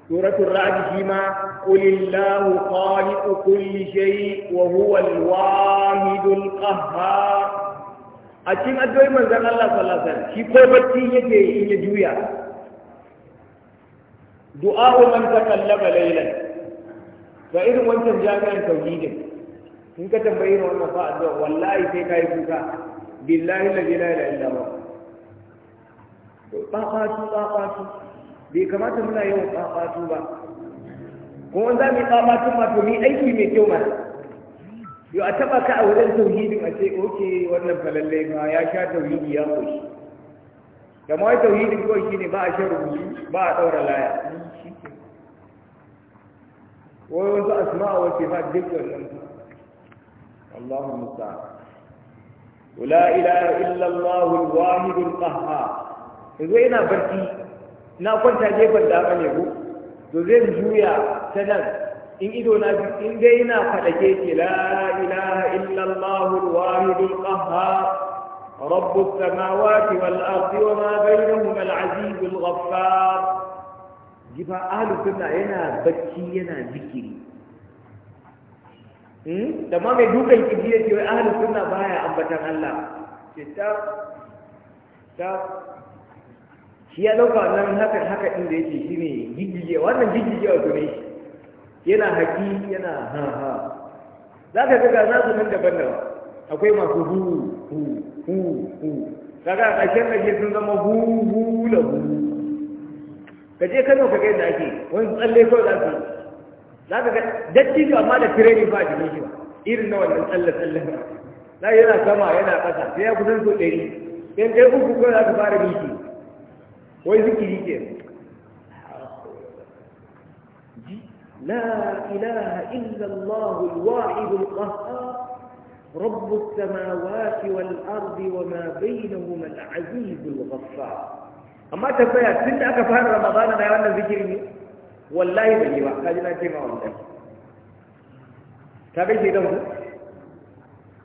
سورة الرعد فيما قل الله خالق كل شيء وهو الواحد القهار a cikin addu'o'i manzon Allah sallallahu shi ko bacci yake in ya juya du'a man takallama laylan ga irin wancan jami'an tauhidin in ka tambayi wannan wallahi sai kai kuka بالله الذي لا اله الا هو tsafatu tsafatu bai kamata muna yawan tsafatu ba ko za mu tsafatu ma to mu aiki mai kyau mana yo a taba ka a wurin tauhidin a ce oke wannan falalle ma ya sha tauhidi ya koshi da ma tauhidin kawai shine ba a shan rubuci ba a daura laya wai wasu asma'a wace ba duk wannan Allahu musta'an la ilaha illallah al-wahid al-qahhar yanzu barci na kwanta gefen dama ne ko to zan juya ta nan in ido na in dai ina fadake ce la ilaha illallah al-wahid al-qahhar رب السماوات والأرض وما بينهما العزيز الغفار جفا أهل السنة هنا بكي هنا ذكري Hmm? da ma mai dukan kiji ya wai ahalin sunna baya ambatan Allah ke ta ta shi ya dauka wannan hakan haka inda da yake shine gigige wannan gigige wato ne yana haki yana ha ha za ka ga gasa su nan daban daban akwai masu hu hu hu hu kaga a ƙarshen ƙarshe sun zama hu hu la hu ka je kano ka ga yadda ake wani tsalle kawai za su za ka ga dattijo amma da tireni ba jikin shi ba irin na wannan tsalle tsalle ba na yana sama yana ƙasa sai ya kusan so ɗari sai kai uku ko za ka fara miki wai zikiri ke لا إله إلا الله الواحد القهار رب السماوات والأرض وما بينهما العزيز الغفار أما تفايا سنة أكفار رمضان أنا أنا ذكرني wallahi ban yi ba ka ji na ce ma wallahi Ta gaishe da ku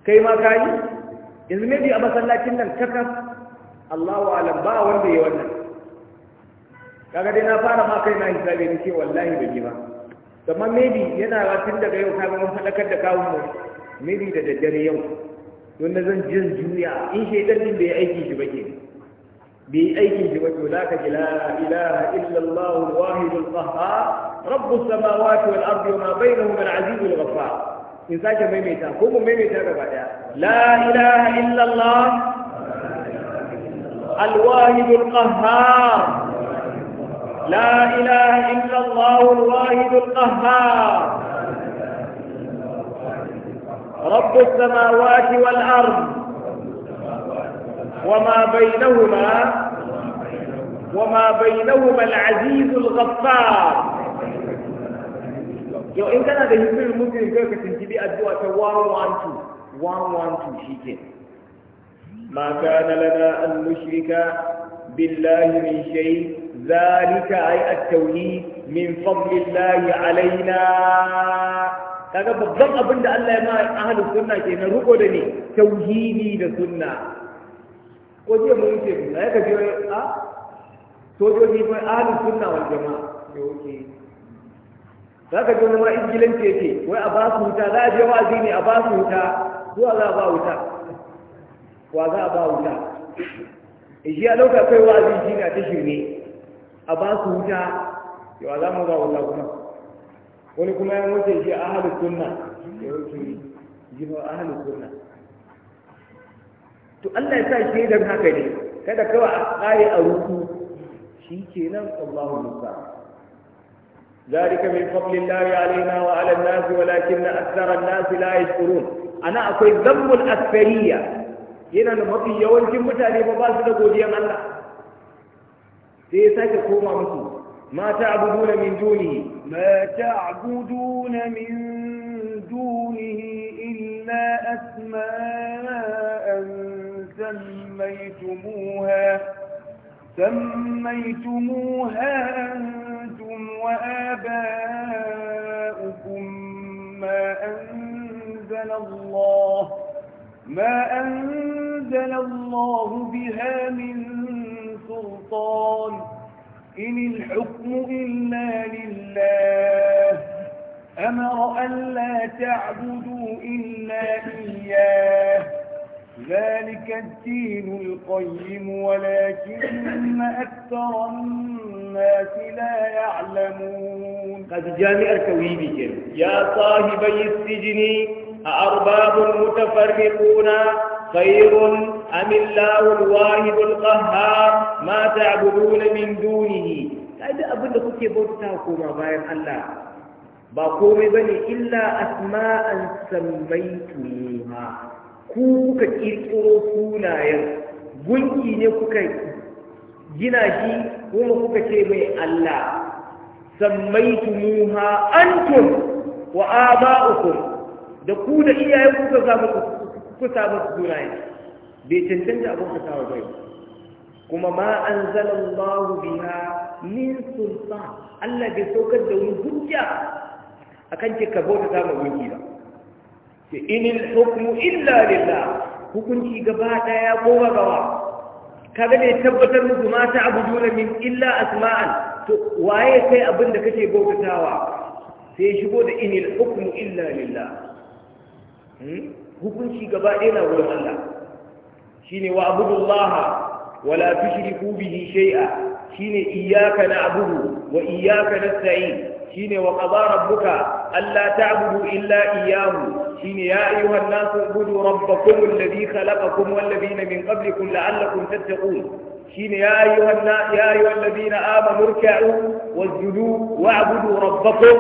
kai ma ka yi yanzu maybe a masallacin nan kakas Allahu alam ba wanda ya wannan kaga dai na fara ma kai na hisabi ni ce wallahi ban yi ba kamar maybe yana ratin daga yau ka mun faɗakar da kawun mu maybe da daddare yau don na zan jin juriya in shaidan din bai aiki shi ba ke بأيدي وذاك لا إله إلا الله الواحد القهار رب السماوات والأرض وما بينهما العزيز الغفار إنسان sake maimaita ko mu maimaita لا إله إلا الله illallah الواحد القهار لا إله إلا الله الواحد القهار رب السماوات والأرض وما بينهما وما بينهما العزيز الغفار yau in kana da hibbin mutum kai ka tuntubi addu'a ta 112 112 ke. ma kana lana an nushrika billahi min shay zalika ay at-tawhid min fadlillahi alaina kaga babban abin da Allah ya ma ahlus sunna ke na ruko da ni tauhidi da sunna ko je mun ce ya ka je a sojoji fa ahlus sunna wal jama'a ne wuce za ka ji wani ma ingilanci yake wai a ba su wuta za a je wa ne a ba su wuta zuwa za a ba wuta wa za a ba wuta eh, shi a lokacin kai wa'azi shi na ta ne a ba su wuta yawa za mu ba wuta kuma wani kuma ya wuce shi a ahlus sunna ya wuce shi a ahlus sunna to Allah ya sa shi dan haka ne kada kawai a tsaye a ruku شيء الله المستعان ذلك من فضل الله علينا وعلى الناس ولكن أكثر الناس لا يشكرون أنا أقول ذنب الأكثرية هنا نمطي يوم كم تالي بباس نقول يا الله سيساك كوما مسوس ما تعبدون من دونه ما تعبدون من دونه إلا أسماء سميتموها سميتموها أنتم وآباؤكم ما أنزل الله ما أنزل الله بها من سلطان إن الحكم إلا لله أمر أن لا تعبدوا إلا إياه ذلك الدين القيم ولكن أكثر الناس لا يعلمون قد جامع الكويبي يا صاحبي السجن أأرباب متفرقون خير أم الله الواحد القهار ما تعبدون من دونه هذا أبدا كنت ما بايم الله باقوم بني إلا أسماء asma'an ku kuka ƙirƙiro sunayen gunki ne kuka gina shi kuma kuka ce mai Allah sammaitumuha antum wa uku. da ku da iyayen kuka samu kuka samu sunayen bai cancanta abin ka samu bai kuma ma an anzalallahu biya min sultan Allah bai saukar da wani hujja akan ce ka bauta samu gunki ba da inil hukmu illa lillah hukunci gaba daya goma gawa kaga da tabbatar muku mata abu abuduna min illa asma'an to waye kai abin da kake bautawa sai shigo da inil hukmu illa lillah hmm? hukunci gaba daya na wurin Allah shine wa abudullaha wala tushriku bihi shay'a shine iyyaka na'budu wa iyyaka nasta'in shine wa qadara rabbuka alla ta'budu illa iyyahu shine ya ayyuhan nasu ibudu rabbakum alladhi khalaqakum wal ladina min qablikum la'allakum tattaqun shine ya ayyuhan na ya ayyuhal ladina amanu irka'u wasjudu wa'budu rabbakum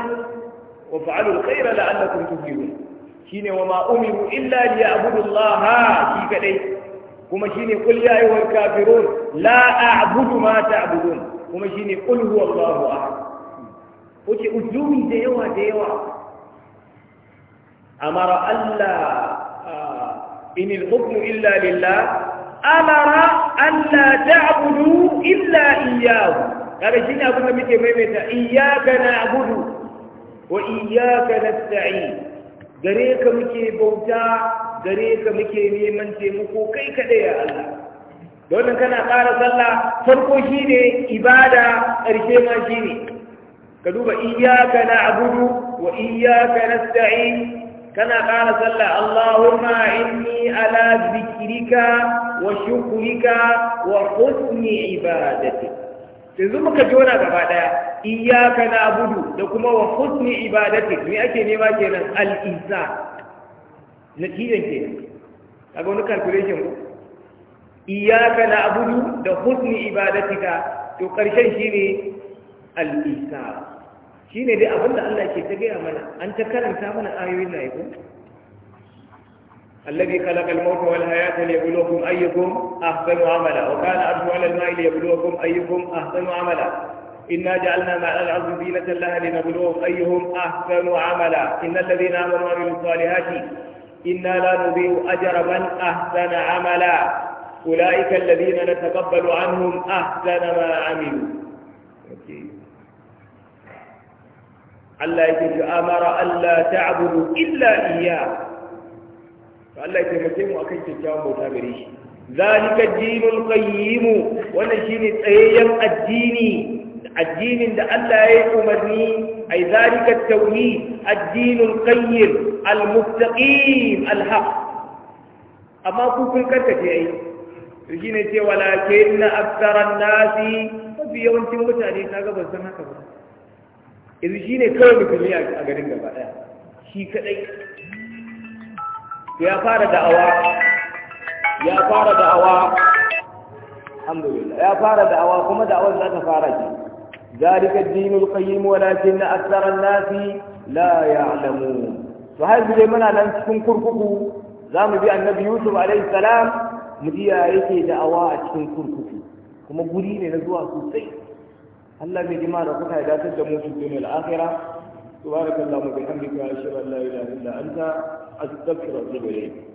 waf'alu alkhayra la'allakum tuflihun shine wa ma umiru illa liya'budu allaha shi kadai kuma shine qul ya ayyuhal kafirun la a'budu ma ta'budun kuma shine qul huwallahu ahad wuce ujumi da yawa da yawa amara Allah in al illa lillah amara Allah ta'budu illa iyyahu kaga shi ne abin da muke maimaita iyyaka na'budu wa iyyaka nasta'in gare ka muke bauta gare ka muke neman taimako kai kada ya Allah don kana ƙara sallah farko shi ne, ibada ƙarshe ma shi ne. ka duba iyaka na abudu wa iyaka na sta'in kana ƙara sallah Allahumma inni ala zikirika wa shukurika wa husni ibadati yanzu muka jona gaba ɗaya iyaka na abudu da kuma wa husni ibadati me ake nema kenan al-isa natijan kenan ga wani calculation ko iyaka na abudu da husni ibadatika to karshen shine al-isa shi ne dai abinda Allah ke ta gaya mana an ta karanta mana ayoyin na yako الذي خلق الموت والحياة ليبلوكم أيكم أحسن عملا وكان عرشه على الماء ليبلوكم أيكم أحسن عملا إنا جعلنا مع الأرض زينة لها لنبلوهم أيهم أحسن عملا إن الذين آمنوا وعملوا الصالحات إنا لا نضيع أجر من أحسن عملا أولئك الذين نتقبل عنهم أحسن ما عملوا okay. Allah yake ce amara Allah ta'budu illa iyya to Allah ya taimake mu akan kyakkyawan bauta gare shi zalika dinul qayyim wannan shine tsayayyen addini addinin da Allah ya umarni ai zalika tauhid addinul qayyim al-mustaqim al-haq amma ku kun karkace ai shine ce walakin aktharan nasi mafi yawancin mutane ta ga san haka ba yanzu shi ne kawai musulmi a garin gaba ɗaya shi kaɗai ya fara da'awa ya fara da'awa alhamdulillah ya fara da'awa kuma da'awar za ta fara ce ذلك الدين القيم ولكن أكثر الناس لا يعلمون فهذا زي muna nan cikin kurkuku za mu bi annabi yusuf alaihi salam mu ji ya da'awa a cikin kurkuku kuma guri ne na zuwa sosai Allah bai jima da kuka ya da mu cikin dunya al-akhirah subhanakallahumma bihamdika ashhadu an la ilaha illa anta astaghfiruka wa atubu ilayk